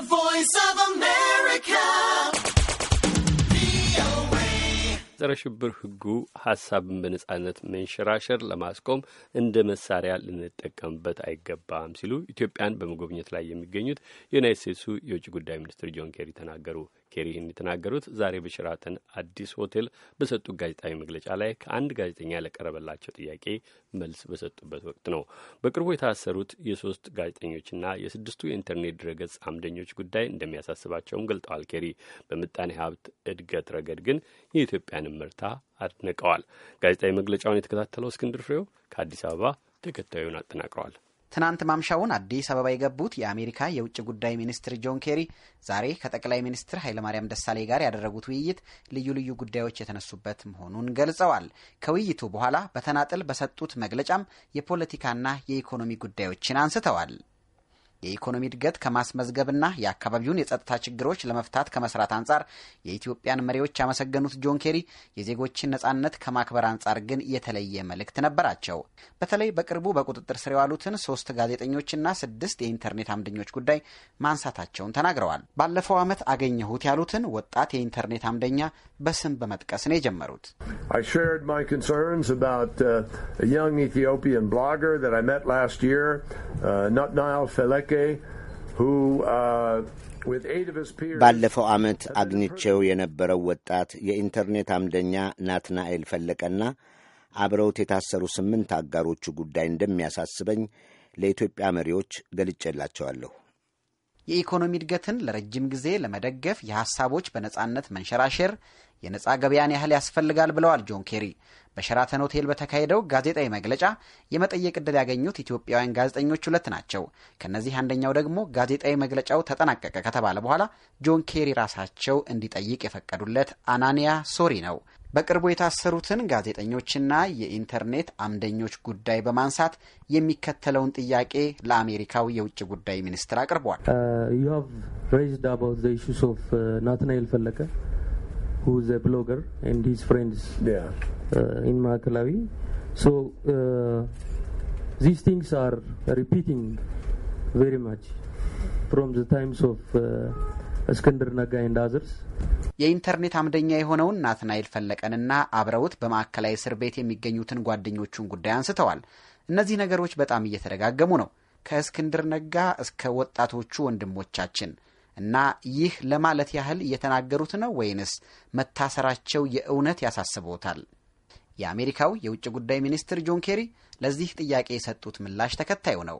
The Voice of America. ጸረ ሽብር ሕጉ ሀሳብን በነጻነት መንሸራሸር ለማስቆም እንደ መሳሪያ ልንጠቀምበት አይገባም ሲሉ ኢትዮጵያን በመጎብኘት ላይ የሚገኙት የዩናይት ስቴትሱ የውጭ ጉዳይ ሚኒስትር ጆን ኬሪ ተናገሩ። ኬሪ ይህን የተናገሩት ዛሬ በሸራተን አዲስ ሆቴል በሰጡት ጋዜጣዊ መግለጫ ላይ ከአንድ ጋዜጠኛ ለቀረበላቸው ጥያቄ መልስ በሰጡበት ወቅት ነው። በቅርቡ የታሰሩት የሶስት ጋዜጠኞችና የስድስቱ የኢንተርኔት ድረገጽ አምደኞች ጉዳይ እንደሚያሳስባቸውም ገልጠዋል። ኬሪ በምጣኔ ሀብት እድገት ረገድ ግን የኢትዮጵያን ምርታ አድንቀዋል። ጋዜጣዊ መግለጫውን የተከታተለው እስክንድር ፍሬው ከአዲስ አበባ ተከታዩን አጠናቅረዋል። ትናንት ማምሻውን አዲስ አበባ የገቡት የአሜሪካ የውጭ ጉዳይ ሚኒስትር ጆን ኬሪ ዛሬ ከጠቅላይ ሚኒስትር ኃይለማርያም ደሳሌ ጋር ያደረጉት ውይይት ልዩ ልዩ ጉዳዮች የተነሱበት መሆኑን ገልጸዋል። ከውይይቱ በኋላ በተናጥል በሰጡት መግለጫም የፖለቲካና የኢኮኖሚ ጉዳዮችን አንስተዋል። የኢኮኖሚ እድገት ከማስመዝገብና የአካባቢውን የጸጥታ ችግሮች ለመፍታት ከመስራት አንጻር የኢትዮጵያን መሪዎች ያመሰገኑት ጆን ኬሪ የዜጎችን ነጻነት ከማክበር አንጻር ግን የተለየ መልእክት ነበራቸው። በተለይ በቅርቡ በቁጥጥር ስር የዋሉትን ሶስት ጋዜጠኞችና ስድስት የኢንተርኔት አምደኞች ጉዳይ ማንሳታቸውን ተናግረዋል። ባለፈው ዓመት አገኘሁት ያሉትን ወጣት የኢንተርኔት አምደኛ በስም በመጥቀስ ነው የጀመሩት። ኢትዮጵያን ብሎገር Uh, ባለፈው ዓመት አግኝቼው የነበረው ወጣት የኢንተርኔት አምደኛ ናትናኤል ፈለቀና አብረውት የታሰሩ ስምንት አጋሮቹ ጉዳይ እንደሚያሳስበኝ ለኢትዮጵያ መሪዎች ገልጬላቸዋለሁ። የኢኮኖሚ እድገትን ለረጅም ጊዜ ለመደገፍ የሀሳቦች በነጻነት መንሸራሸር የነጻ ገበያን ያህል ያስፈልጋል ብለዋል ጆን ኬሪ። በሸራተን ሆቴል በተካሄደው ጋዜጣዊ መግለጫ የመጠየቅ ዕድል ያገኙት ኢትዮጵያውያን ጋዜጠኞች ሁለት ናቸው። ከእነዚህ አንደኛው ደግሞ ጋዜጣዊ መግለጫው ተጠናቀቀ ከተባለ በኋላ ጆን ኬሪ ራሳቸው እንዲጠይቅ የፈቀዱለት አናንያ ሶሪ ነው። በቅርቡ የታሰሩትን ጋዜጠኞችና የኢንተርኔት አምደኞች ጉዳይ በማንሳት የሚከተለውን ጥያቄ ለአሜሪካው የውጭ ጉዳይ ሚኒስትር አቅርቧል። ናትናኤል uh, ፈለቀ who is a blogger and his friends yeah. uh, in Maakalawi. So uh, these things are repeating very much from the times of uh, እስክንድር Naga and others. የኢንተርኔት አምደኛ የሆነውን ናትናኤል ፈለቀንና አብረውት በማዕከላዊ እስር ቤት የሚገኙትን ጓደኞቹን ጉዳይ አንስተዋል። እነዚህ ነገሮች በጣም እየተደጋገሙ ነው። ከእስክንድር ነጋ እስከ ወጣቶቹ ወንድሞቻችን እና ይህ ለማለት ያህል እየተናገሩት ነው ወይንስ መታሰራቸው የእውነት ያሳስበታል። የአሜሪካው የውጭ ጉዳይ ሚኒስትር ጆን ኬሪ ለዚህ ጥያቄ የሰጡት ምላሽ ተከታዩ ነው።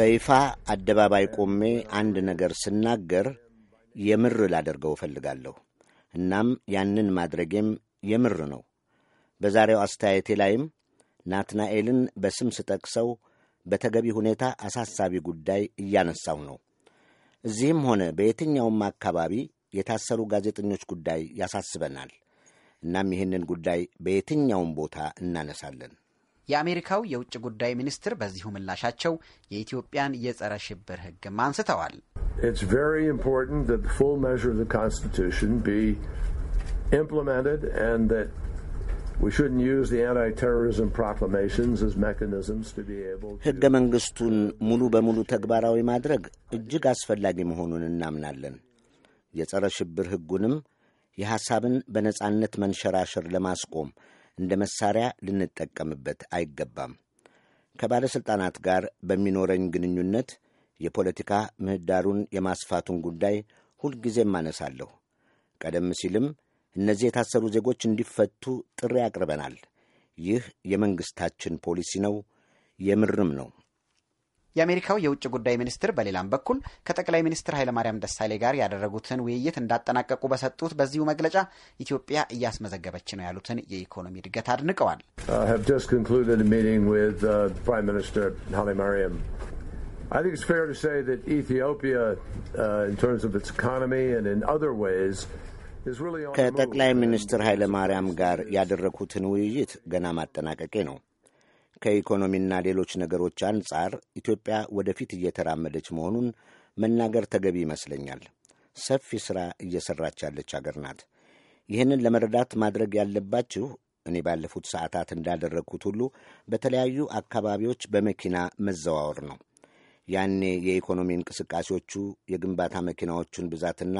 በይፋ አደባባይ ቆሜ አንድ ነገር ስናገር የምር ላደርገው እፈልጋለሁ። እናም ያንን ማድረጌም የምር ነው። በዛሬው አስተያየቴ ላይም ናትናኤልን በስም ስጠቅሰው በተገቢ ሁኔታ አሳሳቢ ጉዳይ እያነሳሁ ነው። እዚህም ሆነ በየትኛውም አካባቢ የታሰሩ ጋዜጠኞች ጉዳይ ያሳስበናል። እናም ይህንን ጉዳይ በየትኛውም ቦታ እናነሳለን። የአሜሪካው የውጭ ጉዳይ ሚኒስትር በዚሁ ምላሻቸው የኢትዮጵያን የጸረ ሽብር ሕግም አንስተዋል። ሕገ መንግሥቱን ሙሉ በሙሉ ተግባራዊ ማድረግ እጅግ አስፈላጊ መሆኑን እናምናለን። የጸረ ሽብር ሕጉንም የሐሳብን በነጻነት መንሸራሸር ለማስቆም እንደ መሣሪያ ልንጠቀምበት አይገባም። ከባለሥልጣናት ጋር በሚኖረኝ ግንኙነት የፖለቲካ ምህዳሩን የማስፋቱን ጉዳይ ሁልጊዜም አነሳለሁ። ቀደም ሲልም እነዚህ የታሰሩ ዜጎች እንዲፈቱ ጥሪ አቅርበናል። ይህ የመንግሥታችን ፖሊሲ ነው፣ የምርም ነው። የአሜሪካው የውጭ ጉዳይ ሚኒስትር በሌላም በኩል ከጠቅላይ ሚኒስትር ኃይለማርያም ደሳሌ ጋር ያደረጉትን ውይይት እንዳጠናቀቁ በሰጡት በዚሁ መግለጫ ኢትዮጵያ እያስመዘገበች ነው ያሉትን የኢኮኖሚ እድገት አድንቀዋል። ኢትዮጵያ ከጠቅላይ ሚኒስትር ኃይለ ማርያም ጋር ያደረግሁትን ውይይት ገና ማጠናቀቄ ነው። ከኢኮኖሚና ሌሎች ነገሮች አንጻር ኢትዮጵያ ወደፊት እየተራመደች መሆኑን መናገር ተገቢ ይመስለኛል። ሰፊ ሥራ እየሠራች ያለች አገር ናት። ይህንን ለመረዳት ማድረግ ያለባችሁ እኔ ባለፉት ሰዓታት እንዳደረግሁት ሁሉ በተለያዩ አካባቢዎች በመኪና መዘዋወር ነው። ያኔ የኢኮኖሚ እንቅስቃሴዎቹ የግንባታ መኪናዎቹን ብዛትና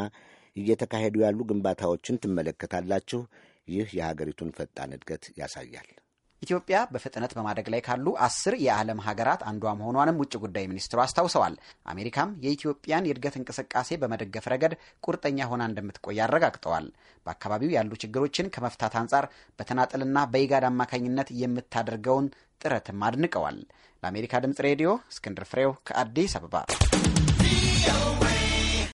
እየተካሄዱ ያሉ ግንባታዎችን ትመለከታላችሁ። ይህ የሀገሪቱን ፈጣን እድገት ያሳያል። ኢትዮጵያ በፍጥነት በማደግ ላይ ካሉ አስር የዓለም ሀገራት አንዷ መሆኗንም ውጭ ጉዳይ ሚኒስትሩ አስታውሰዋል። አሜሪካም የኢትዮጵያን የእድገት እንቅስቃሴ በመደገፍ ረገድ ቁርጠኛ ሆና እንደምትቆይ አረጋግጠዋል። በአካባቢው ያሉ ችግሮችን ከመፍታት አንጻር በተናጠልና በኢጋድ አማካኝነት የምታደርገውን ጥረትም አድንቀዋል። ለአሜሪካ ድምጽ ሬዲዮ እስክንድር ፍሬው ከአዲስ አበባ